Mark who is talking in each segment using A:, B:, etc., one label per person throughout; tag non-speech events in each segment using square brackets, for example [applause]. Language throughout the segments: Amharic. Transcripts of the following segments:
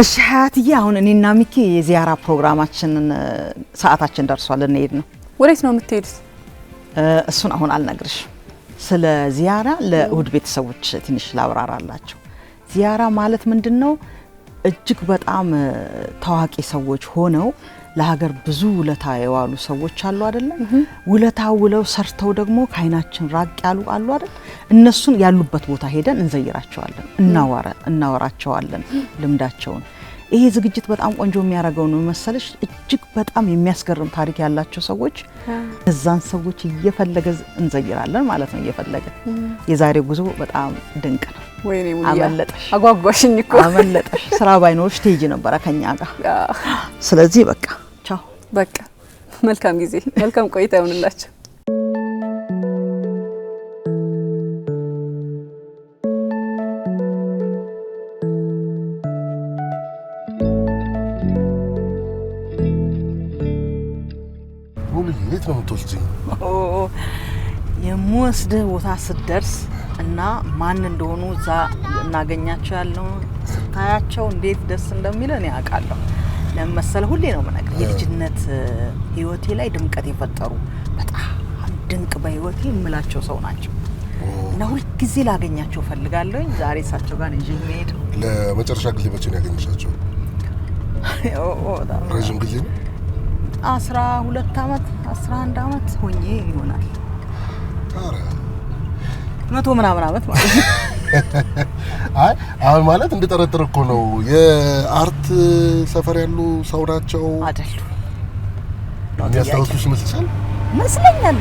A: እሺ ሀያትዬ፣ አሁን እኔና ሚኪ የዚያራ ፕሮግራማችንን ሰዓታችን ደርሷል፣ እንሄድ ነው። ወዴት ነው የምትሄዱት? እሱን አሁን አልነግርሽ። ስለ ዚያራ ለእሁድ ቤተሰቦች ትንሽ ላብራራላቸው። ዚያራ ማለት ምንድን ነው? እጅግ በጣም ታዋቂ ሰዎች ሆነው ለሀገር ብዙ ውለታ የዋሉ ሰዎች አሉ አይደለም። ውለታ ውለው ሰርተው ደግሞ ከአይናችን ራቅ ያሉ አሉ አይደል። እነሱን ያሉበት ቦታ ሄደን እንዘይራቸዋለን፣ እናወራቸዋለን ልምዳቸውን። ይሄ ዝግጅት በጣም ቆንጆ የሚያደርገው ነው መሰለሽ፣ እጅግ በጣም የሚያስገርም ታሪክ ያላቸው ሰዎች እዛን ሰዎች እየፈለገ እንዘይራለን ማለት ነው። እየፈለገ የዛሬ ጉዞ በጣም ድንቅ ነው።
B: ወይኔ አመለጠሽ፣
A: አጓጓሽኝ እኮ አመለጠሽ። ስራ ባይኖርሽ ትሄጂ ነበረ ከኛ ጋር። ስለዚህ በቃ ቻው፣ በቃ መልካም ጊዜ፣ መልካም ቆይታ ይሆንላችሁ። የምወስድህ ቦታ ስትደርስ እና ማን እንደሆኑ እዛ እናገኛቸው ያለው ስታያቸው እንዴት ደስ እንደሚል እኔ አውቃለሁ። ለምን ሁሌ ነው የምነግርህ የልጅነት ህይወቴ ላይ ድምቀት የፈጠሩ በጣም ድንቅ በህይወቴ የምላቸው ሰው ናቸው እና ሁልጊዜ ላገኛቸው እፈልጋለሁኝ። ዛሬ እሳቸው ጋር ይዤ የሚሄድ
C: ለመጨረሻ ጊዜ መቼ ነው ያገኘሻቸው? ረዥም ጊዜ ነው።
A: አስራ ሁለት አመት አስራ አንድ አመት ሆኜ ይሆናል መቶ ምናምን አመት ማለት ነው።
C: [laughs] አይ አሁን ማለት እንድጠረጥር እኮ ነው። የአርት ሰፈር ያሉ ሰው ናቸው አይደሉ? የሚያስታውሱሽ መስሰል መስለኛል።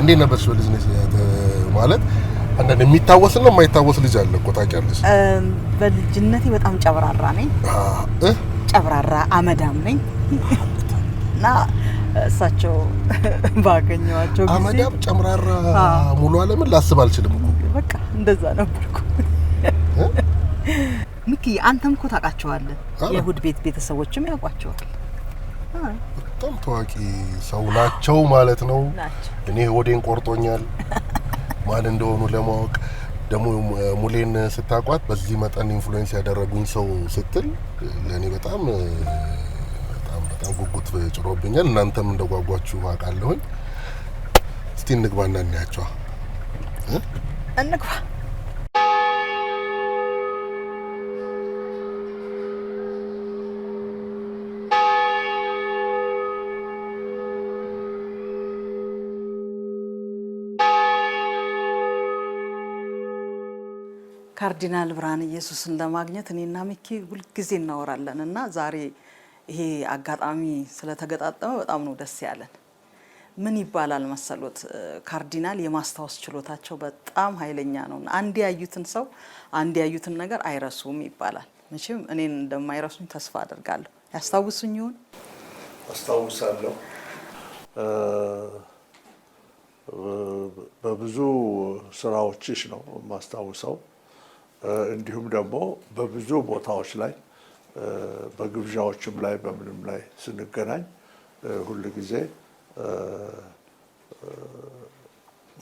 C: እንዴት ነበርሽ በልጅነት? ማለት አንዳንድ የሚታወስ ነው የማይታወስ ልጅ አለ እኮ ታውቂያለሽ። በልጅነቴ በጣም
A: ጨብራራ ነኝ፣ ጨብራራ አመዳም ነኝ እና
C: እሳቸው [laughs] ባገኘዋቸው ጊዜ አመዳም ጨምራራ ሙሉ አለምን ላስብ አልችልም እኮ በቃ እንደዛ ነበርኩ።
A: ሚኪ አንተም እኮ ታውቃቸዋለህ፣ የእሁድ
C: ቤት ቤተሰቦችም ያውቋቸዋል። በጣም ታዋቂ ሰው ናቸው ማለት ነው። እኔ ሆዴን ቆርጦኛል ማን እንደሆኑ ለማወቅ ደግሞ ሙሌን ስታቋት በዚህ መጠን ኢንፍሉዌንስ ያደረጉኝ ሰው ስትል ለእኔ በጣም በጣም ጉጉት ጭሮብኛል። እናንተም እንደጓጓችሁ አውቃለሁኝ። እስቲ እንግባና እናያቸዋ።
A: እንግባ ካርዲናል ብርሃነ ኢየሱስን ለማግኘት እኔና ሚኪ ሁልጊዜ እናወራለን እና ዛሬ ይሄ አጋጣሚ ስለተገጣጠመ በጣም ነው ደስ ያለን። ምን ይባላል መሰሎት ካርዲናል የማስታወስ ችሎታቸው በጣም ኃይለኛ ነው። አንድ ያዩትን ሰው አንድ ያዩትን ነገር አይረሱም ይባላል። መቼም እኔን እንደማይረሱኝ ተስፋ አድርጋለሁ። ያስታውሱኝ ይሆን?
B: አስታውሳለሁ። በብዙ ስራዎችሽ ነው የማስታውሰው። እንዲሁም ደግሞ በብዙ ቦታዎች ላይ በግብዣዎችም ላይ በምንም ላይ ስንገናኝ ሁል ጊዜ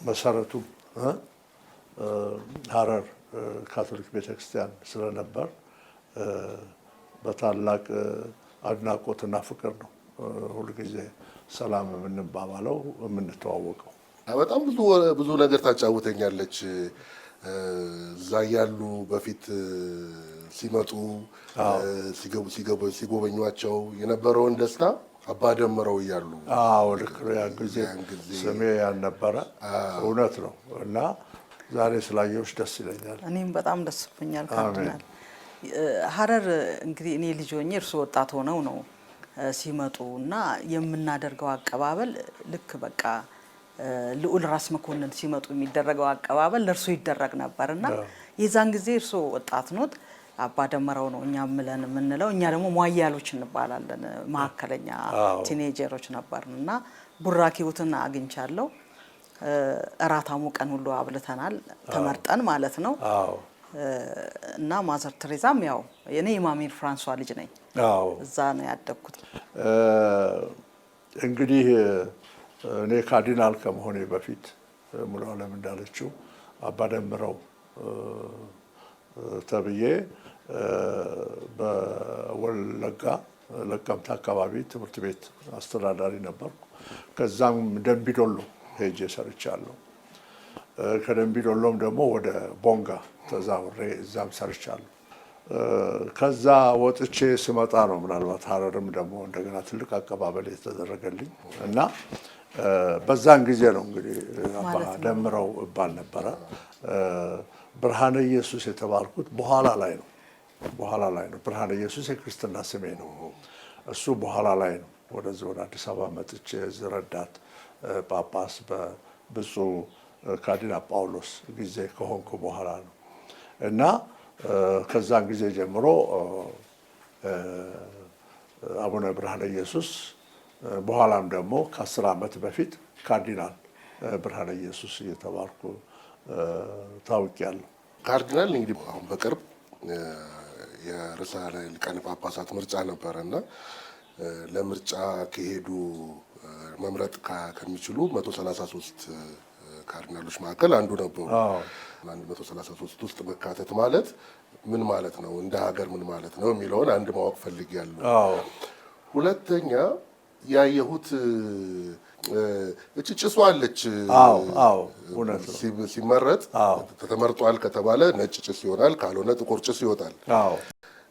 B: መሰረቱ ሀረር ካቶሊክ ቤተክርስቲያን ስለነበር በታላቅ አድናቆትና ፍቅር ነው ሁልጊዜ ሰላም የምንባባለው
C: የምንተዋወቀው። በጣም ብዙ ብዙ ነገር ታጫውተኛለች እዛ ያሉ በፊት ሲመጡ ሲጎበኟቸው የነበረውን ደስታ አባ ደምረው እያሉ ያን ስሜ ያልነበረ እውነት ነው እና
B: ዛሬ ስላየሁሽ ደስ ይለኛል።
A: እኔም በጣም ደስ ብሎኛል። ካርዲናል ሀረር እንግዲህ እኔ ልጅ ሆኜ እርስዎ ወጣት ሆነው ነው ሲመጡ እና የምናደርገው አቀባበል ልክ በቃ ልዑል ራስ መኮንን ሲመጡ የሚደረገው አቀባበል ለእርሶ ይደረግ ነበር እና የዛን ጊዜ እርስዎ ወጣት ኖት አባ ደመራው ነው እኛ ምለን የምንለው። እኛ ደግሞ ሟያሎች እንባላለን። መካከለኛ ቲኔጀሮች ነበርን እና ቡራኪውትን አግኝቻለሁ። እራታሙ ቀን ሁሉ አብልተናል፣ ተመርጠን ማለት ነው። እና ማዘር ትሬዛም ያው እኔ የማሜን ፍራንሷ ልጅ ነኝ፣
B: እዛ ነው ያደግኩት። እንግዲህ እኔ ካርዲናል ከመሆኔ በፊት ሙሉ አለም እንዳለችው አባ ደምረው ተብዬ በወለጋ ለቀምት አካባቢ ትምህርት ቤት አስተዳዳሪ ነበርኩ። ከዛም ደንቢዶሎ ሄጄ ሰርቻለሁ። ዶሎም ደግሞ ወደ ቦንጋ ተዛውሬ እዛም ሰርቻለሁ። ከዛ ወጥቼ ስመጣ ነው ምናልባት ሀረርም ደግሞ እንደገና ትልቅ አቀባበል የተደረገልኝ እና በዛን ጊዜ ነው እንግዲህ አባ ደምረው እባል ነበረ። ብርሃነ ኢየሱስ የተባልኩት በኋላ ላይ ነው በኋላ ላይ ነው። ብርሃነ ኢየሱስ የክርስትና ስሜ ነው። እሱ በኋላ ላይ ነው ወደዚህ ወደ አዲስ አበባ መጥቼ ረዳት ጳጳስ በብፁዕ ካርዲናል ጳውሎስ ጊዜ ከሆንኩ በኋላ ነው እና ከዛን ጊዜ ጀምሮ አቡነ ብርሃነ ኢየሱስ በኋላም ደግሞ ከአስር ዓመት በፊት ካርዲናል ብርሃነ ኢየሱስ እየተባልኩ
C: ታውቂያለሁ። ካርዲናል እንግዲህ አሁን በቅርብ የርዕሰ ሊቃነ ጳጳሳት ምርጫ ነበረ እና ለምርጫ ከሄዱ መምረጥ ከሚችሉ 133 ካርዲናሎች መካከል አንዱ ነበሩ። 133 ውስጥ መካተት ማለት ምን ማለት ነው፣ እንደ ሀገር ምን ማለት ነው የሚለውን አንድ ማወቅ ፈልጌያለሁ። ሁለተኛ ያየሁት እች ጭሱ አለች። ሲመረጥ ተመርጧል ከተባለ ነጭ ጭስ ይሆናል፣ ካልሆነ ጥቁር ጭስ ይወጣል።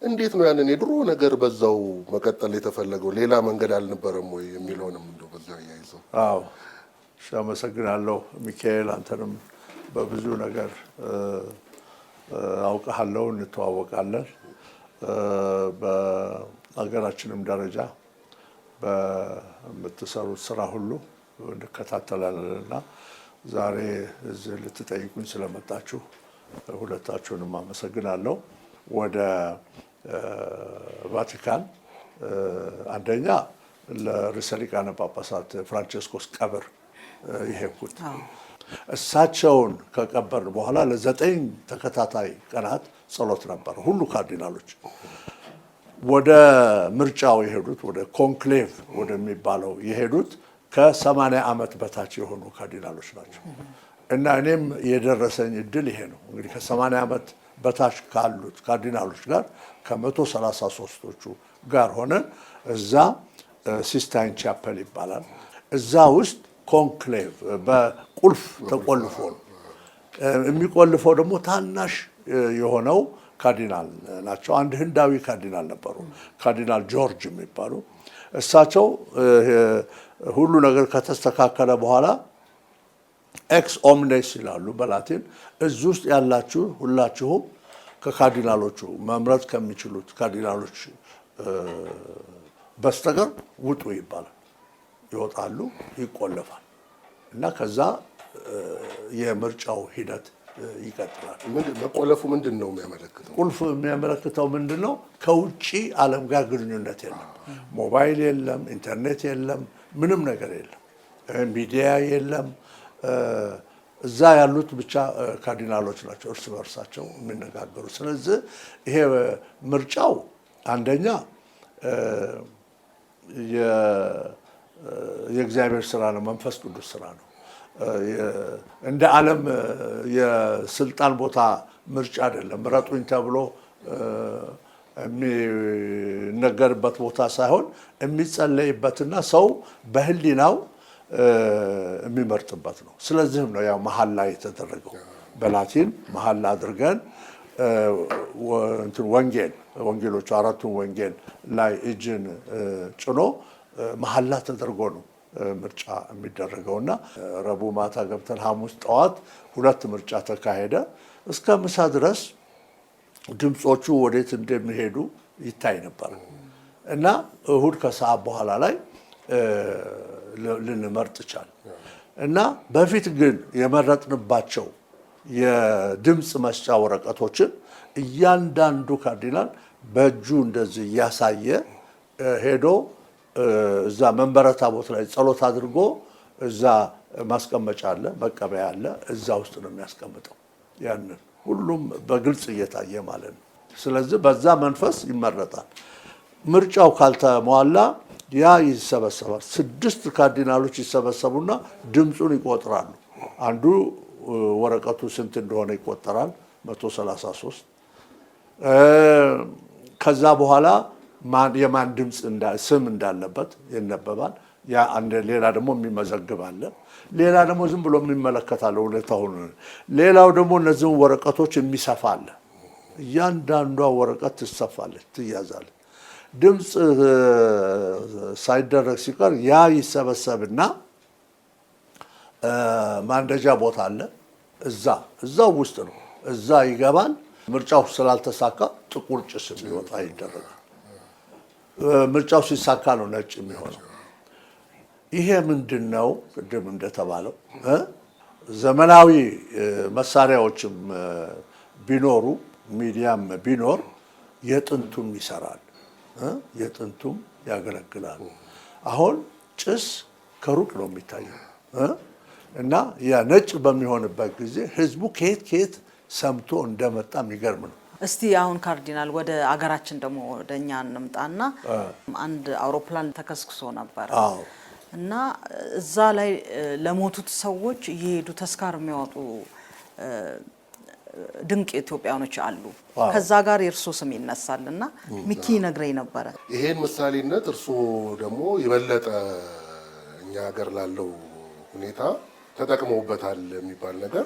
C: እንዴት ነው ያንን የድሮ ነገር በዛው መቀጠል የተፈለገው? ሌላ መንገድ አልነበረም ወይ የሚለውንም እንደው በዛው እያይዘው። አዎ እሺ፣ አመሰግናለሁ ሚካኤል፣ አንተንም በብዙ
B: ነገር አውቀሃለሁ፣ እንተዋወቃለን። በሀገራችንም ደረጃ በምትሰሩት ስራ ሁሉ እንከታተላለን እና ዛሬ እዚህ ልትጠይቁኝ ስለመጣችሁ ሁለታችሁንም አመሰግናለሁ። ወደ ቫቲካን አንደኛ ለርዕሰ ሊቃነ ጳጳሳት ፍራንቸስኮስ ቀብር የሄድኩት እሳቸውን ከቀበር በኋላ ለዘጠኝ ተከታታይ ቀናት ጸሎት ነበር። ሁሉ ካርዲናሎች ወደ ምርጫው የሄዱት ወደ ኮንክሌቭ ወደሚባለው የሄዱት ከሰማንያ ዓመት በታች የሆኑ ካርዲናሎች ናቸው። እና እኔም የደረሰኝ እድል ይሄ ነው እንግዲህ ከሰማንያ ዓመት በታች ካሉት ካርዲናሎች ጋር ከመቶ ሰላሳ ሶስቶቹ ጋር ሆነን እዛ ሲስታይን ቻፐል ይባላል። እዛ ውስጥ ኮንክሌቭ በቁልፍ ተቆልፎ ነው የሚቆልፈው። ደግሞ ታናሽ የሆነው ካርዲናል ናቸው። አንድ ህንዳዊ ካርዲናል ነበሩ፣ ካርዲናል ጆርጅ የሚባሉ እሳቸው ሁሉ ነገር ከተስተካከለ በኋላ ኤክስ ኦምኔስ ይላሉ በላቲን እዚህ ውስጥ ያላችሁ ሁላችሁም ከካርዲናሎቹ መምረጥ ከሚችሉት ካርዲናሎች በስተቀር ውጡ ይባላል። ይወጣሉ፣ ይቆለፋል እና ከዛ የምርጫው ሂደት
C: ይቀጥላል። መቆለፉ ምንድን ነው የሚያመለክተው?
B: ቁልፍ የሚያመለክተው ምንድን ነው? ከውጭ ዓለም ጋር ግንኙነት የለም። ሞባይል የለም፣ ኢንተርኔት የለም፣ ምንም ነገር የለም፣ ሚዲያ የለም። እዛ ያሉት ብቻ ካርዲናሎች ናቸው እርስ በእርሳቸው የሚነጋገሩ። ስለዚህ ይሄ ምርጫው አንደኛ የእግዚአብሔር ስራ ነው፣ መንፈስ ቅዱስ ስራ ነው። እንደ ዓለም የስልጣን ቦታ ምርጫ አይደለም። ምረጡኝ ተብሎ የሚነገርበት ቦታ ሳይሆን የሚጸለይበትና ሰው በህሊናው የሚመርጥበት ነው። ስለዚህም ነው ያው ላይ የተደረገው በላቲን መሐላ አድርገን እንትን ወንጌል ወንጌሎቹ አራቱን ወንጌል ላይ እጅን ጭኖ መሀላ ተደርጎ ነው ምርጫ የሚደረገው እና ረቡዕ ማታ ገብተን ሐሙስ ጠዋት ሁለት ምርጫ ተካሄደ። እስከ ምሳ ድረስ ድምፆቹ ወዴት እንደሚሄዱ ይታይ ነበር እና እሁድ ከሰዓት በኋላ ላይ ልንመርጥ ቻል እና በፊት ግን የመረጥንባቸው የድምፅ መስጫ ወረቀቶችን እያንዳንዱ ካርዲናል በእጁ እንደዚህ እያሳየ ሄዶ እዛ መንበረ ታቦት ላይ ጸሎት አድርጎ እዛ ማስቀመጫ አለ፣ መቀበያ አለ። እዛ ውስጥ ነው የሚያስቀምጠው። ያንን ሁሉም በግልጽ እየታየ ማለት ነው። ስለዚህ በዛ መንፈስ ይመረጣል። ምርጫው ካልተሟላ ያ ይሰበሰባል። ስድስት ካርዲናሎች ይሰበሰቡና ድምፁን ይቆጥራሉ። አንዱ ወረቀቱ ስንት እንደሆነ ይቆጠራል፣ 133 ከዛ በኋላ የማን ድምፅ ስም እንዳለበት ይነበባል። ሌላ ደግሞ የሚመዘግብ አለ። ሌላ ደግሞ ዝም ብሎ የሚመለከታለ አለ ሁኔታውን። ሌላው ደግሞ እነዚህን ወረቀቶች የሚሰፋ አለ። እያንዳንዷ ወረቀት ትሰፋለች፣ ትያዛለች። ድምፅ ሳይደረግ ሲቀር ያ ይሰበሰብና ማንደጃ ቦታ አለ። እዛ እዛው ውስጥ ነው፣ እዛ ይገባል። ምርጫው ስላልተሳካ ጥቁር ጭስ የሚወጣ ይደረጋል። ምርጫው ሲሳካ ነው ነጭ የሚሆነው። ይሄ ምንድን ነው? ቅድም እንደተባለው ዘመናዊ መሳሪያዎችም ቢኖሩ ሚዲያም ቢኖር የጥንቱም ይሰራል። የጥንቱም ያገለግላል። አሁን ጭስ ከሩቅ ነው የሚታየው እና ያ ነጭ በሚሆንበት ጊዜ ህዝቡ ከየት ከየት ሰምቶ እንደመጣ የሚገርም ነው።
A: እስቲ አሁን ካርዲናል ወደ አገራችን ደግሞ ወደ እኛ እንምጣና አንድ አውሮፕላን ተከስክሶ ነበር እና እዛ ላይ ለሞቱት ሰዎች እየሄዱ ተስካር የሚያወጡ ድንቅ ኢትዮጵያኖች አሉ። ከዛ ጋር የእርሶ ስም ይነሳል እና ሚኪ ነግረኝ ነበረ።
C: ይሄን ምሳሌነት እርሶ ደግሞ የበለጠ እኛ ሀገር ላለው ሁኔታ ተጠቅመውበታል የሚባል ነገር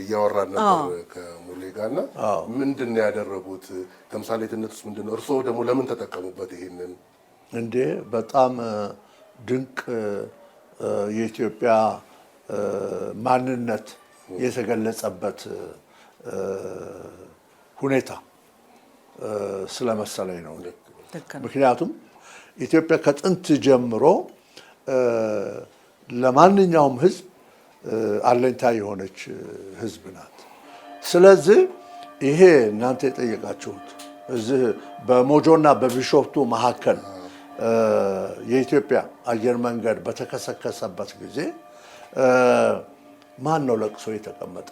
C: እያወራን ነበር ከሙሌ ጋር እና ምንድን ነው ያደረጉት? ተምሳሌትነት ውስጥ ምንድን ነው እርሶ ደግሞ ለምን ተጠቀሙበት? ይሄንን
B: እንዴ በጣም ድንቅ የኢትዮጵያ ማንነት የተገለጸበት ሁኔታ ስለመሰለኝ ነው። ምክንያቱም ኢትዮጵያ ከጥንት ጀምሮ ለማንኛውም ሕዝብ አለኝታ የሆነች ሕዝብ ናት። ስለዚህ ይሄ እናንተ የጠየቃችሁት እዚህ በሞጆና በቢሾፍቱ መካከል የኢትዮጵያ አየር መንገድ በተከሰከሰበት ጊዜ ማን ነው ለቅሶ የተቀመጠ?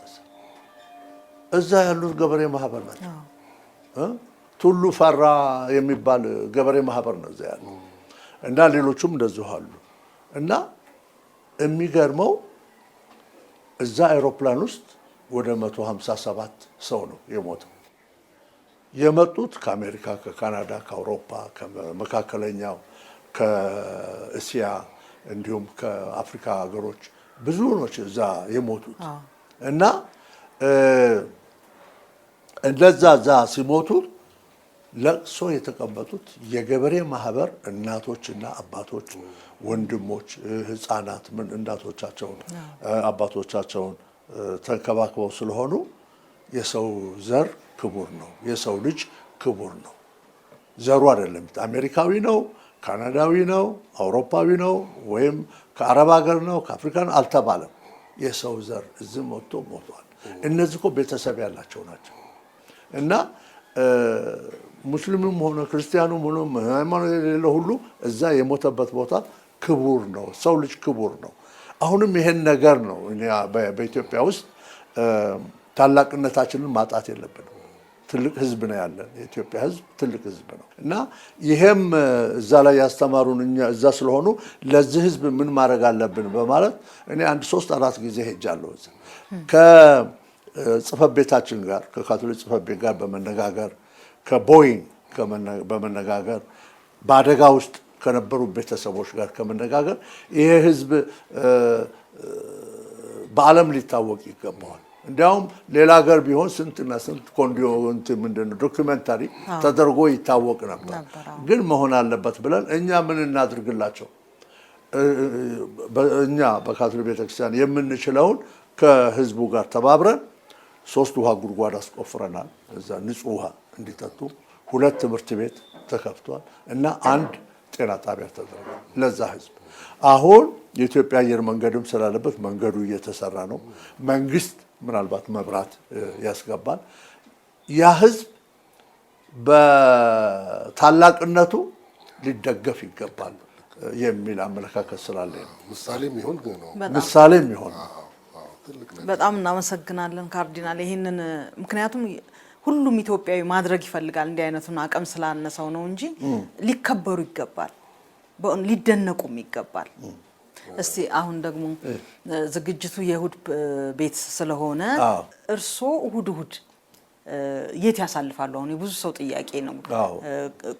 B: እዛ ያሉት ገበሬ ማህበር ናቸው። ቱሉ ፈራ የሚባል ገበሬ ማህበር ነው እዛ ያሉ እና ሌሎቹም እንደዚሁ አሉ እና የሚገርመው እዛ አይሮፕላን ውስጥ ወደ 157 ሰው ነው የሞተው። የመጡት ከአሜሪካ፣ ከካናዳ፣ ከአውሮፓ፣ ከመካከለኛው ከእስያ እንዲሁም ከአፍሪካ ሀገሮች ብዙ ነች እዛ የሞቱት እና እንደዛ ዛ ሲሞቱ ለቅሶ የተቀመጡት የገበሬ ማህበር እናቶችና አባቶች፣ ወንድሞች፣ ህፃናት ምን እናቶቻቸውን አባቶቻቸውን ተንከባክበው ስለሆኑ የሰው ዘር ክቡር ነው፣ የሰው ልጅ ክቡር ነው። ዘሩ አይደለም። አሜሪካዊ ነው፣ ካናዳዊ ነው፣ አውሮፓዊ ነው፣ ወይም ከአረብ ሀገር ነው፣ ነው አልተባለም። የሰው ዘር እዚህ ሞቶ ሞቷል። እነዚህ እኮ ቤተሰብ ያላቸው ናቸው። እና ሙስሊምም ሆነ ክርስቲያኑም ሆነ ሃይማኖት የሌለ ሁሉ እዛ የሞተበት ቦታ ክቡር ነው። ሰው ልጅ ክቡር ነው። አሁንም ይሄን ነገር ነው በኢትዮጵያ ውስጥ ታላቅነታችንን ማጣት የለብንም። ትልቅ ህዝብ ነው ያለን። የኢትዮጵያ ህዝብ ትልቅ ህዝብ ነው እና ይሄም እዛ ላይ ያስተማሩን እኛ እዛ ስለሆኑ ለዚህ ህዝብ ምን ማድረግ አለብን በማለት እኔ አንድ ሶስት አራት ጊዜ ሄጃለሁ ጽፈት ቤታችን ጋር ከካቶሊክ ጽፈት ቤት ጋር በመነጋገር ከቦይንግ በመነጋገር በአደጋ ውስጥ ከነበሩ ቤተሰቦች ጋር ከመነጋገር ይሄ ህዝብ በዓለም ሊታወቅ ይገባዋል። እንዲያውም ሌላ ሀገር ቢሆን ስንትና ስንት ኮንዲንት ምንድን ዶኪመንታሪ ተደርጎ ይታወቅ ነበር። ግን መሆን አለበት ብለን እኛ ምን እናድርግላቸው? እኛ በካቶሊክ ቤተክርስቲያን የምንችለውን ከህዝቡ ጋር ተባብረን ሶስት ውሃ ጉድጓድ አስቆፍረናል። እዛ ንጹህ ውሃ እንዲጠጡ ሁለት ትምህርት ቤት ተከፍቷል እና አንድ ጤና ጣቢያ ተደረገ ለዛ ህዝብ። አሁን የኢትዮጵያ አየር መንገድም ስላለበት መንገዱ እየተሰራ ነው። መንግስት ምናልባት መብራት ያስገባል። ያ ህዝብ በታላቅነቱ ሊደገፍ ይገባል የሚል አመለካከት ስላለ
C: ነው። ምሳሌም ይሆን
A: በጣም እናመሰግናለን ካርዲናል ይህንን ምክንያቱም ሁሉም ኢትዮጵያዊ ማድረግ ይፈልጋል። እንዲህ አይነቱን አቅም ስላነሰው ነው እንጂ ሊከበሩ ይገባል፣ ሊደነቁም ይገባል። እስቲ አሁን ደግሞ ዝግጅቱ የእሁድ ቤት ስለሆነ እርስዎ እሁድ እሁድ የት ያሳልፋሉ? አሁን የብዙ ሰው ጥያቄ ነው።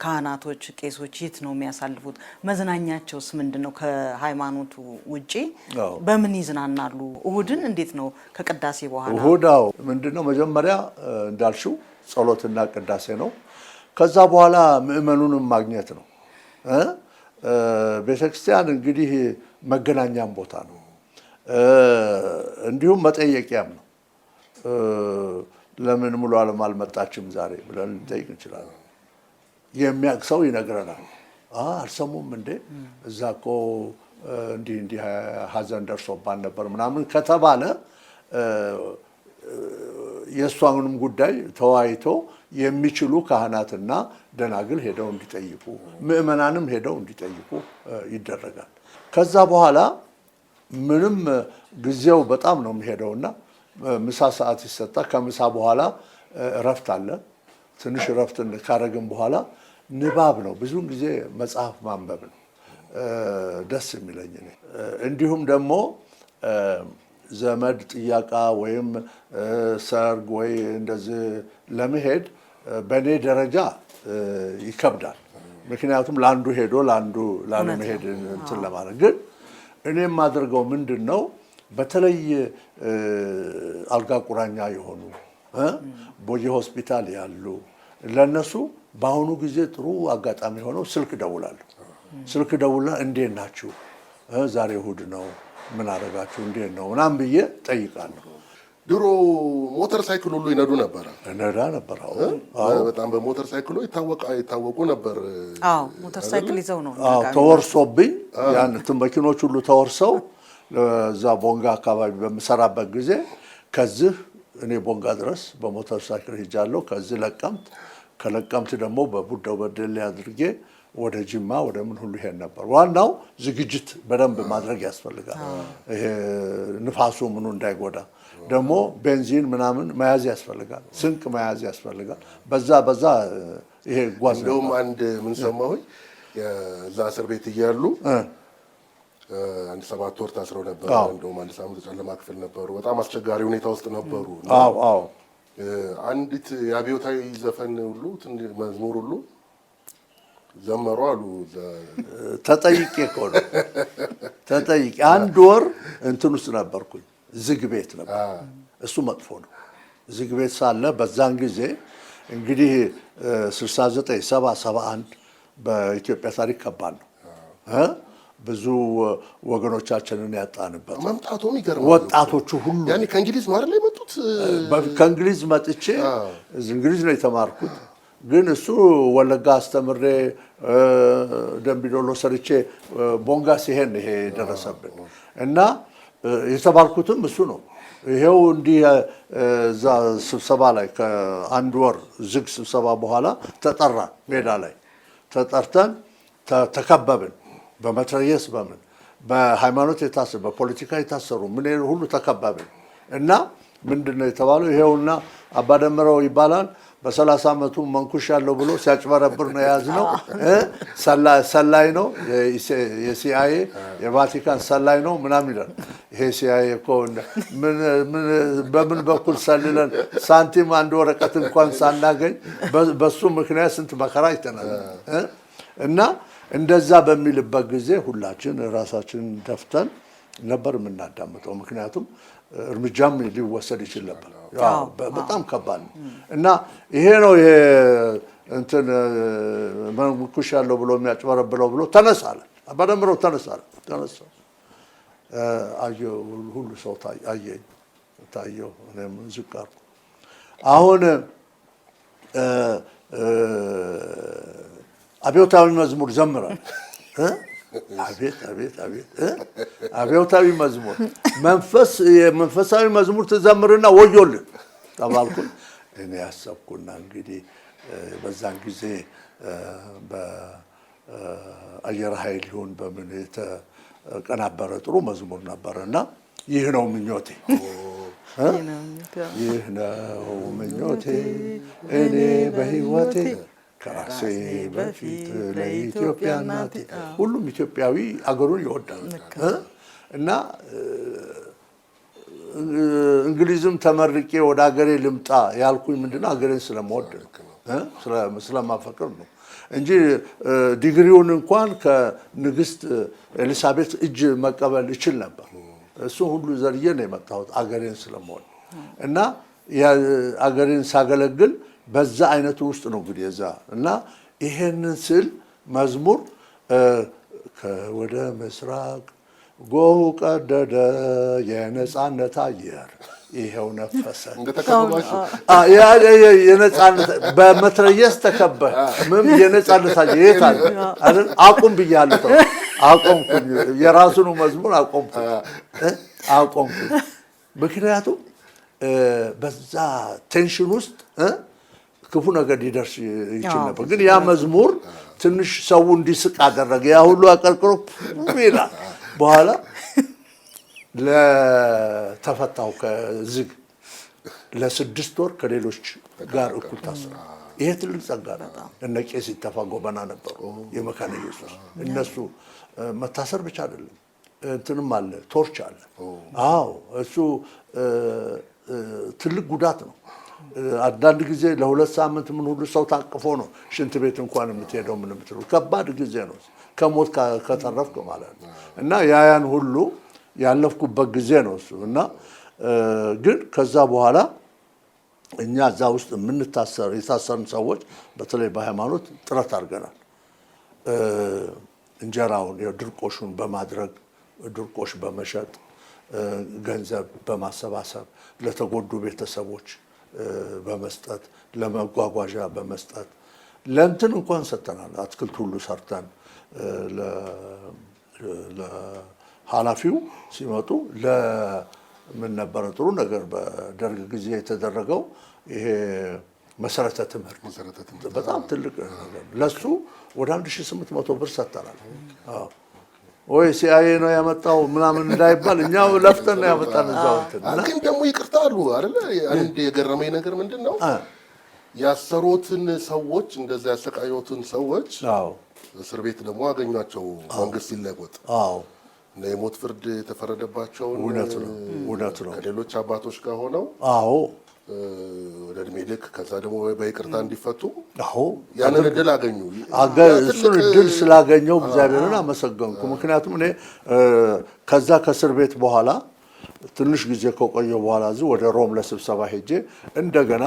A: ካህናቶች፣ ቄሶች የት ነው የሚያሳልፉት? መዝናኛቸውስ ምንድን ነው? ከሃይማኖቱ ውጪ በምን ይዝናናሉ? እሁድን እንዴት ነው ከቅዳሴ በኋላ? እሁዳው
B: ምንድን ነው? መጀመሪያ እንዳልሽው ጸሎትና ቅዳሴ ነው። ከዛ በኋላ ምእመኑንም ማግኘት ነው። ቤተክርስቲያን እንግዲህ መገናኛም ቦታ ነው፣ እንዲሁም መጠየቂያም ነው። ለምን ሙሉ አለም አልመጣችም ዛሬ ብለን ልንጠይቅ እንችላለን። የሚያውቅ ሰው ይነግረናል። አልሰሙም እንዴ እዛ እኮ እንዲህ እንዲህ ሀዘን ደርሶባን ነበር ምናምን ከተባለ የእሷንም ጉዳይ ተወያይቶ የሚችሉ ካህናትና ደናግል ሄደው እንዲጠይቁ፣ ምእመናንም ሄደው እንዲጠይቁ ይደረጋል። ከዛ በኋላ ምንም ጊዜው በጣም ነው የሚሄደውና ምሳ ሰዓት ይሰጣ። ከምሳ በኋላ እረፍት አለ። ትንሽ እረፍት ካረግን በኋላ ንባብ ነው። ብዙውን ጊዜ መጽሐፍ ማንበብ ነው ደስ የሚለኝ። እንዲሁም ደግሞ ዘመድ ጥያቃ ወይም ሰርግ ወይ እንደዚህ ለመሄድ በእኔ ደረጃ ይከብዳል። ምክንያቱም ለአንዱ ሄዶ ለአንዱ ላለመሄድ እንትን ለማድረግ ግን እኔ የማደርገው ምንድን ነው በተለይ አልጋ ቁራኛ የሆኑ ቦጂ ሆስፒታል ያሉ ለነሱ በአሁኑ ጊዜ ጥሩ አጋጣሚ ሆነው ስልክ ደውላሉ። ስልክ ደውላ እንዴት ናችሁ፣
C: ዛሬ እሁድ ነው፣ ምን አደረጋችሁ፣ እንዴት ነው ምናምን ብዬ ጠይቃለሁ። ድሮ ሞተር ሳይክል ሁሉ ይነዱ ነበረ። እነዳ ነበር። በጣም በሞተር ሳይክሎ ይታወቁ ነበር።
A: ሞተር ሳይክል ይዘው ነው
B: ተወርሶብኝ፣ መኪኖች ሁሉ ተወርሰው እዛ ቦንጋ አካባቢ በምሰራበት ጊዜ ከዚህ እኔ ቦንጋ ድረስ በሞተር ሳይክል ሄጃለሁ። ከዚህ ለቀምት፣ ከለቀምት ደግሞ በቡዳው በደሌ አድርጌ ወደ ጅማ ወደ ምን ሁሉ ይሄን ነበር። ዋናው ዝግጅት በደንብ ማድረግ ያስፈልጋል። ይሄ ንፋሱ ምኑ እንዳይጎዳ ደግሞ ቤንዚን ምናምን መያዝ ያስፈልጋል። ስንቅ መያዝ ያስፈልጋል። በዛ በዛ ይሄ ጓዝ እንደውም
C: አንድ ምን ሰማሁኝ እዛ እስር ቤት እያሉ አንድ ሰባት ወር ታስረው ነበር። እንደውም አንድ ሳምንት ጨለማ ክፍል ነበሩ። በጣም አስቸጋሪ ሁኔታ ውስጥ ነበሩ። አዎ አዎ። አንዲት የአብዮታዊ ዘፈን ሁሉ መዝሙር ሁሉ ዘመሩ አሉ። ተጠይቄ እኮ ነው [laughs]
B: ተጠይቄ። አንድ ወር እንትን ውስጥ ነበርኩኝ፣ ዝግ ቤት ነበር። እሱ መጥፎ ነው። ዝግ ቤት ሳለ በዛን ጊዜ እንግዲህ 69 70 71 በኢትዮጵያ ታሪክ ከባድ ነው። ብዙ ወገኖቻችንን ያጣንበት መምጣቱም
C: ይገርማል። ወጣቶቹ
B: ሁሉ ከእንግሊዝ ነው አይደል የመጡት? ከእንግሊዝ መጥቼ እንግሊዝ ነው የተማርኩት፣ ግን እሱ ወለጋ አስተምሬ ደምቢዶሎ ሰርቼ ቦንጋ ሲሄን ይሄ የደረሰብን እና የተማርኩትም እሱ ነው። ይሄው እንዲህ እዛ ስብሰባ ላይ ከአንድ ወር ዝግ ስብሰባ በኋላ ተጠራ ሜዳ ላይ ተጠርተን ተከበብን። በመትረየስ በምን በሃይማኖት የታሰሩ በፖለቲካ የታሰሩ ምን ሁሉ ተከባብን እና ምንድን ነው የተባለው? ይሄውና አባደምረው ይባላል በሰላሳ ዓመቱ መንኩሽ ያለው ብሎ ሲያጭበረብር ነው የያዝነው። ሰላይ ነው የሲአይኤ የቫቲካን ሰላይ ነው ምናምን ይላል። ይሄ ሲአይኤ እኮ በምን በኩል ሰልለን ሳንቲም አንድ ወረቀት እንኳን ሳናገኝ በሱ ምክንያት ስንት መከራ አይተናል እና እንደዛ በሚልበት ጊዜ ሁላችን ራሳችን ደፍተን ነበር የምናዳምጠው። ምክንያቱም እርምጃም ሊወሰድ ይችል ነበር። በጣም ከባድ ነው እና ይሄ ነው ይሄ እንትን መንኩሽ ያለው ብሎ የሚያጭበረብለው ብሎ ተነሳለ። በደምሮ ተነሳለ። ተነሳ አየሁ፣ ሁሉ ሰው አየኝ፣ ታየሁ፣ እኔም ዝቅ አልኩ። አሁን አብዮታዊ መዝሙር ዘምራል። አቤት አቤት አቤት! አብዮታዊ መዝሙር መንፈስ የመንፈሳዊ መዝሙር ትዘምርና ወዮልን ተባልኩ። እኔ ያሰብኩና እንግዲህ በዛን ጊዜ በአየር ኃይል ይሁን በምን የተቀናበረ ጥሩ መዝሙር ነበረ ይህ ነው ምኞቴ ይህ ነው ምኞቴ እኔ በህይወቴ ከራሴ በፊት ለኢትዮጵያ እናቴ። ሁሉም ኢትዮጵያዊ አገሩን ይወዳል እና እንግሊዝም ተመርቄ ወደ አገሬ ልምጣ ያልኩኝ ምንድነው ሀገሬን ስለምወድ ስለማፈቅር ነው እንጂ ዲግሪውን እንኳን ከንግስት ኤሊሳቤት እጅ መቀበል እችል ነበር። እሱ ሁሉ ዘርዬ ነው የመጣሁት አገሬን ስለምወድ እና አገሬን ሳገለግል በዛ አይነቱ ውስጥ ነው እንግዲህ እዛ እና ይሄንን ስል መዝሙር ወደ ምስራቅ ጎሁ ቀደደ የነፃነት አየር ይሄው ነፈሰ። በመትረየስ ተከበ ምም የነፃነት አየር የት አለ? አቁም ብያለሁ። አቆምኩኝ። የራሱን መዝሙር አቆምኩኝ አቆምኩኝ። ምክንያቱም በዛ ቴንሽን ውስጥ ክፉ ነገር ሊደርስ ይችል ነበር። ግን ያ መዝሙር ትንሽ ሰው እንዲስቅ አደረገ። ያ ሁሉ አቀርቅሮ ይላል። በኋላ ለተፈታው ከዝግ ለስድስት ወር ከሌሎች ጋር እኩል ታሰሩ ይሄ ትልቅ ጸጋ ነው። እነ ቄስ ይተፋ ጎበና ነበሩ የመካነ ኢየሱስ እነሱ መታሰር ብቻ አይደለም እንትንም አለ ቶርች አለ። አዎ እሱ ትልቅ ጉዳት ነው። አንዳንድ ጊዜ ለሁለት ሳምንት ምን ሁሉ ሰው ታቅፎ ነው ሽንት ቤት እንኳን የምትሄደው ምን የምትለው ከባድ ጊዜ ነው፣ ከሞት ከተረፍክ ማለት ነው። እና ያያን ሁሉ ያለፍኩበት ጊዜ ነው እሱ እና ግን ከዛ በኋላ እኛ እዛ ውስጥ የምንታሰር የታሰርን ሰዎች በተለይ በሃይማኖት ጥረት አድርገናል። እንጀራውን ድርቆሹን በማድረግ ድርቆሽ በመሸጥ ገንዘብ በማሰባሰብ ለተጎዱ ቤተሰቦች በመስጠት ለመጓጓዣ በመስጠት ለእንትን እንኳን ሰጥተናል። አትክልት ሁሉ ሰርተን ለኃላፊው ሲመጡ ለምን ነበረ ጥሩ ነገር በደርግ ጊዜ የተደረገው ይሄ መሰረተ ትምህርት በጣም ትልቅ ለሱ ወደ 1800 ብር ሰጥተናል። ወይ ሲአይኤ ነው ያመጣው ምናምን እንዳይባል እኛው ለፍተን ነው ያመጣን። እዛውትን
C: ግን ደግሞ ይቅርታ አሉ አንድ የገረመኝ ነገር ምንድን ነው ያሰሩትን ሰዎች እንደዛ ያሰቃዩትን ሰዎች እስር ቤት ደግሞ አገኟቸው። መንግስት ሲለወጥ እና የሞት ፍርድ የተፈረደባቸውን እውነት ነው ከሌሎች አባቶች ጋር ሆነው አዎ ለእድሜ ልክ ከዛ ደግሞ በይቅርታ እንዲፈቱ ያንን እድል አገኙ። እሱን እድል
B: ስላገኘው እግዚአብሔርን አመሰገንኩ። ምክንያቱም እኔ ከዛ ከእስር ቤት በኋላ ትንሽ ጊዜ ከቆየ በኋላ እዚህ ወደ ሮም ለስብሰባ ሄጄ እንደገና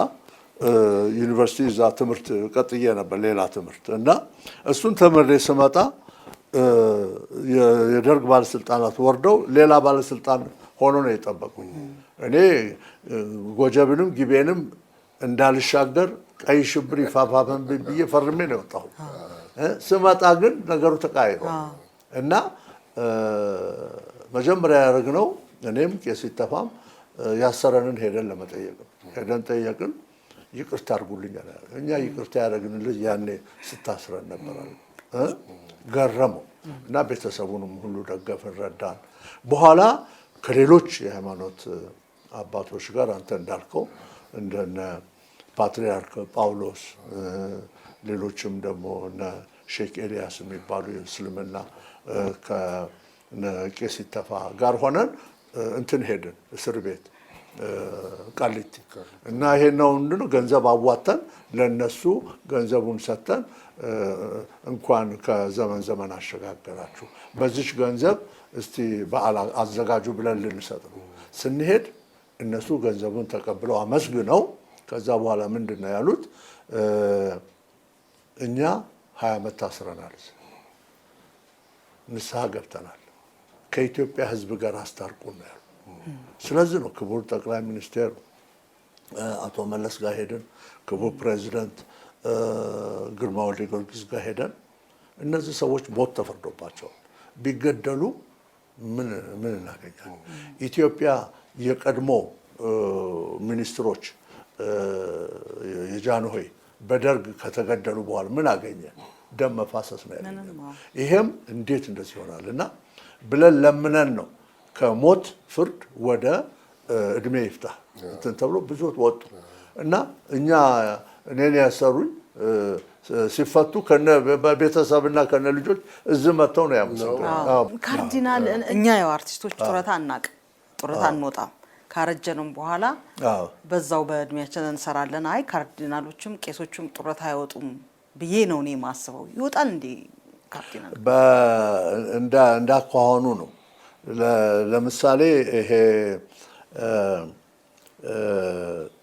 B: ዩኒቨርሲቲ እዛ ትምህርት ቀጥዬ ነበር ሌላ ትምህርት እና እሱን ተምሬ ስመጣ የደርግ ባለስልጣናት ወርደው ሌላ ባለስልጣን ሆኖ ነው የጠበቁኝ። እኔ ጎጀብንም ጊቤንም እንዳልሻገር ቀይ ሽብር ይፋፋፈን ብዬ ፈርሜ ነው የወጣሁ። ስመጣ ግን ነገሩ ተቃይሯል እና መጀመሪያ ያደረግነው እኔም ቄስ ይተፋም ያሰረንን ሄደን ለመጠየቅ ሄደን ጠየቅን። ይቅርታ አድርጉልኝ እኛ ይቅርታ ያደረግን ልጅ ያኔ ስታስረን ነበረ። ገረመው እና ቤተሰቡንም ሁሉ ደገፍን፣ ረዳን። በኋላ ከሌሎች የሃይማኖት አባቶች ጋር አንተ እንዳልከው እንደነ ፓትሪያርክ ጳውሎስ ሌሎችም ደግሞ እነ ሼክ ኤልያስ የሚባሉ የእስልምና ከቄስ ይተፋ ጋር ሆነን እንትን ሄድን እስር ቤት ቃሊቲ እና ይሄ ነው ምንድነው ገንዘብ አዋተን ለነሱ ገንዘቡን ሰተን እንኳን ከዘመን ዘመን አሸጋገራችሁ በዚች ገንዘብ እስቲ በዓል አዘጋጁ ብለን ልንሰጥ ነው ስንሄድ እነሱ ገንዘቡን ተቀብለው አመስግነው ከዛ በኋላ ምንድን ነው ያሉት? እኛ ሀያ ዓመት ታስረናል፣ ንስሐ ገብተናል፣ ከኢትዮጵያ ሕዝብ ጋር አስታርቁ ነው ያሉ። ስለዚህ ነው ክቡር ጠቅላይ ሚኒስቴር አቶ መለስ ጋር ሄደን፣ ክቡር ፕሬዚደንት ግርማ ወልደ ጊዮርጊስ ጋር ሄደን እነዚህ ሰዎች ሞት ተፈርዶባቸዋል ቢገደሉ ምን ምን እናገኛለን? ኢትዮጵያ የቀድሞ ሚኒስትሮች የጃንሆይ በደርግ ከተገደሉ በኋላ ምን አገኘ? ደም መፋሰስ ነው ያለ። ይሄም እንዴት እንደዚህ ይሆናል? እና ብለን ለምነን ነው ከሞት ፍርድ ወደ እድሜ ይፍታ እንትን ተብሎ ብዙዎች ወጡ እና እኛ እኔን ያሰሩኝ ሲፈቱ ከነ ቤተሰብና ከነ ልጆች እዚህ መጥተው ነው ያመሰግናል።
A: ካርዲናል እኛ ያው አርቲስቶች ጡረታ አናውቅም፣ ጡረታ አንወጣም። ካረጀንም በኋላ በዛው በእድሜያችን እንሰራለን። አይ ካርዲናሎችም ቄሶችም ጡረታ አይወጡም ብዬ ነው እኔ ማስበው። ይወጣል እንዴ
B: ካርዲናል? እንዳኳሆኑ ነው። ለምሳሌ ይሄ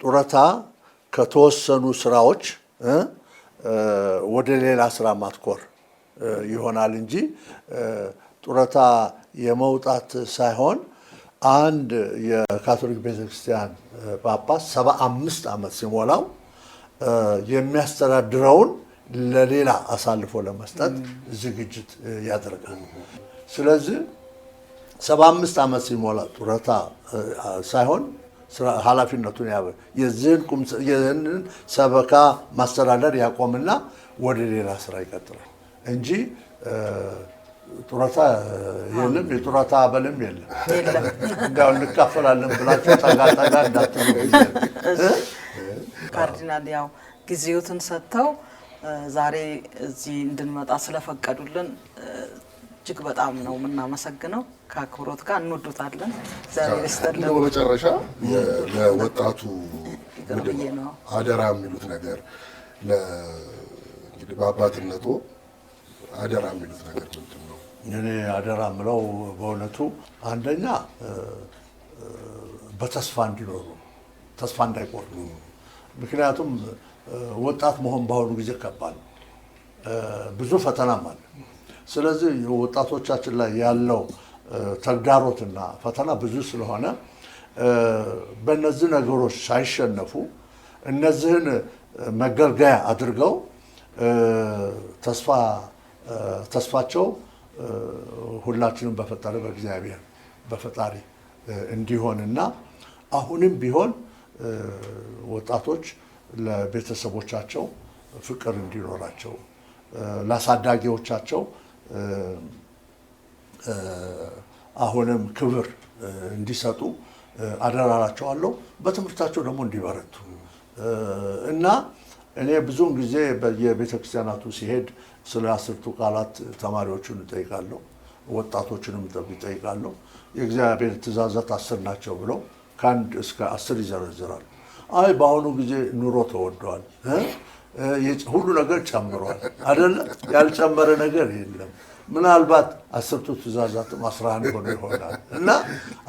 B: ጡረታ ከተወሰኑ ስራዎች ወደ ሌላ ስራ ማትኮር ይሆናል እንጂ ጡረታ የመውጣት ሳይሆን አንድ የካቶሊክ ቤተክርስቲያን ጳጳስ ሰባ አምስት ዓመት ሲሞላው የሚያስተዳድረውን ለሌላ አሳልፎ ለመስጠት ዝግጅት ያደርጋል። ስለዚህ ሰባ አምስት ዓመት ሲሞላ ጡረታ ሳይሆን ኃላፊነቱን የዚህን ሰበካ ማስተዳደር ያቆምና ወደ ሌላ ስራ ይቀጥላል እንጂ ጡረታ የለም፣ የጡረታ አበልም የለም። እንዲያው እንካፈላለን ብላችሁ ጠጋ ጠጋ እንዳትሉ።
A: ካርዲናል ያው ጊዜዎትን ሰጥተው ዛሬ እዚህ እንድንመጣ ስለፈቀዱልን እጅግ በጣም ነው የምናመሰግነው። ከአክብሮት ጋር እንወዱታለን። ዛሬ በመጨረሻ
C: ለወጣቱ አደራ የሚሉት ነገር እንግዲህ በአባትነቱ አደራ የሚሉት ነገር ምንድን ነው? እኔ አደራ ምለው በእውነቱ
B: አንደኛ በተስፋ እንዲኖሩ ተስፋ እንዳይቆርጡ። ምክንያቱም ወጣት መሆን በአሁኑ ጊዜ ከባድ ብዙ ፈተናም አለ። ስለዚህ ወጣቶቻችን ላይ ያለው ተግዳሮትና ፈተና ብዙ ስለሆነ በእነዚህ ነገሮች ሳይሸነፉ እነዚህን መገልገያ አድርገው ተስፋቸው ሁላችንም በፈጠረ በእግዚአብሔር በፈጣሪ እንዲሆንና አሁንም ቢሆን ወጣቶች ለቤተሰቦቻቸው ፍቅር እንዲኖራቸው ለአሳዳጊዎቻቸው አሁንም ክብር እንዲሰጡ አደራራቸዋለሁ። በትምህርታቸው ደግሞ እንዲበረቱ እና እኔ ብዙውን ጊዜ በየቤተ ክርስቲያናቱ ሲሄድ ስለ አስርቱ ቃላት ተማሪዎችን እጠይቃለሁ፣ ወጣቶችንም ይጠይቃለሁ። የእግዚአብሔር ትእዛዛት አስር ናቸው ብለው ከአንድ እስከ አስር ይዘረዝራሉ። አይ በአሁኑ ጊዜ ኑሮ ተወዷል፣ ሁሉ ነገር ጨምሯል አይደለም ያልጨመረ ነገር የለም። ምናልባት አስርቱ ትእዛዛትም አስራ አንድ ሆኖ ይሆናል እና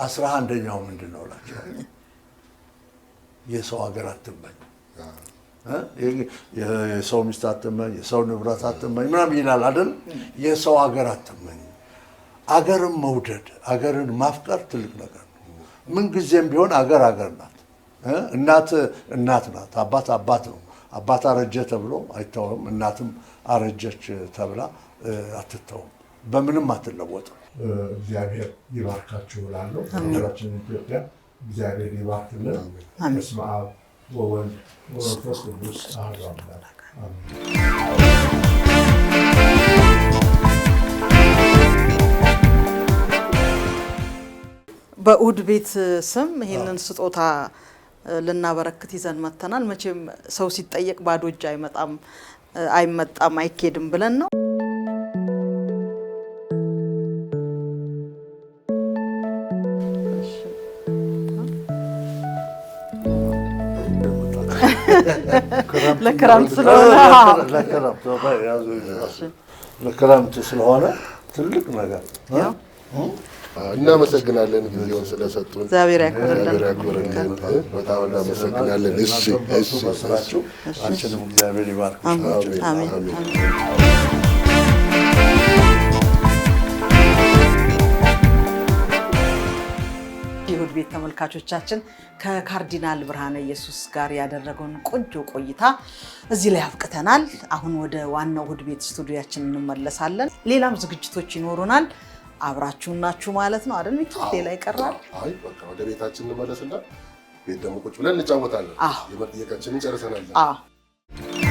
B: አስራ አንደኛው ምንድን ነው የሰው ሀገር አትመኝ፣ የሰው ሚስት አትመኝ፣ የሰው ንብረት አትመኝ ምናምን ይላል አይደል? የሰው ሀገር አትመኝ። አገርን መውደድ አገርን ማፍቀር ትልቅ ነገር ነው። ምንጊዜም ቢሆን አገር አገር ናት። እናት እናት ናት። አባት አባት ነው። አባት አረጀ ተብሎ አይታወም እናትም አረጀች ተብላ አትተውም፣ በምንም አትለወጥም። እግዚአብሔር ይባርካችሁ እላለሁ። ሀገራችን ኢትዮጵያ እግዚአብሔር ይባርክልን። በስመ አብ ወወልድ ወመንፈስ ቅዱስ አሐዱ አምላክ
A: በእሑድ ቤት ስም ይህንን ስጦታ ልናበረክት ይዘን መጥተናል። መቼም ሰው ሲጠየቅ ባዶ እጅ አይመጣም። አይመጣም አይኬድም ብለን ነው።
B: ለክረምት ስለሆነ
C: ስለሆነ ትልቅ ነገር እናመሰግናለን ጊዜውን ስለሰጡን። እግዚአብሔር ያክብርልን። በጣም እናመሰግናለን። እሺ እሺ፣ አንቺንም እግዚአብሔር
B: አሜን።
A: ቤት ተመልካቾቻችን ከካርዲናል ብርሃነ ኢየሱስ ጋር ያደረገውን ቆንጆ ቆይታ እዚህ ላይ አብቅተናል። አሁን ወደ ዋናው እሁድ ቤት ስቱዲያችን እንመለሳለን። ሌላም ዝግጅቶች ይኖሩናል። አብራችሁን ናችሁ ማለት ነው አይደል? ሚቱ ላይ ይቀራል።
C: አይ በቃ ወደ ቤታችን እንመለስና ቤት ደግሞ ቁጭ ብለን እንጫወታለን። የመጠየቃችንን
A: ጨርሰናል።